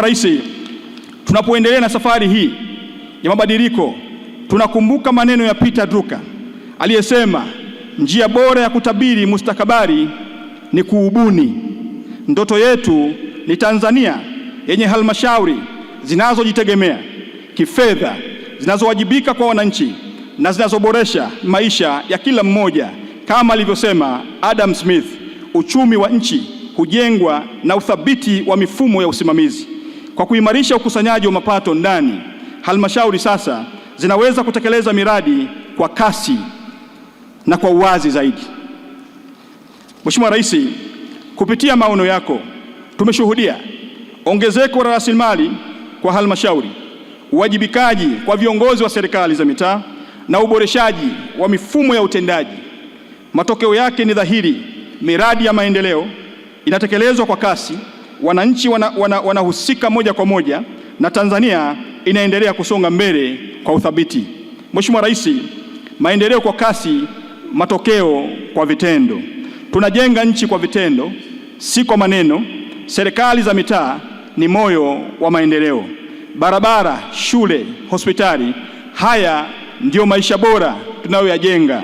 Rais, tunapoendelea na safari hii ya mabadiliko, tunakumbuka maneno ya Peter Drucker aliyesema, njia bora ya kutabiri mustakabali ni kuubuni. Ndoto yetu ni Tanzania yenye halmashauri zinazojitegemea kifedha, zinazowajibika kwa wananchi na zinazoboresha maisha ya kila mmoja. Kama alivyosema Adam Smith, uchumi wa nchi hujengwa na uthabiti wa mifumo ya usimamizi. Kwa kuimarisha ukusanyaji wa mapato ndani, halmashauri sasa zinaweza kutekeleza miradi kwa kasi na kwa uwazi zaidi. Mheshimiwa Rais, kupitia maono yako tumeshuhudia ongezeko la rasilimali kwa halmashauri, uwajibikaji kwa viongozi wa serikali za mitaa na uboreshaji wa mifumo ya utendaji. Matokeo yake ni dhahiri, miradi ya maendeleo inatekelezwa kwa kasi wananchi wanahusika wana, wana moja kwa moja na Tanzania inaendelea kusonga mbele kwa uthabiti. Mheshimiwa Rais, maendeleo kwa kasi, matokeo kwa vitendo. Tunajenga nchi kwa vitendo, si kwa maneno. Serikali za mitaa ni moyo wa maendeleo. Barabara, shule, hospitali, haya ndiyo maisha bora tunayoyajenga.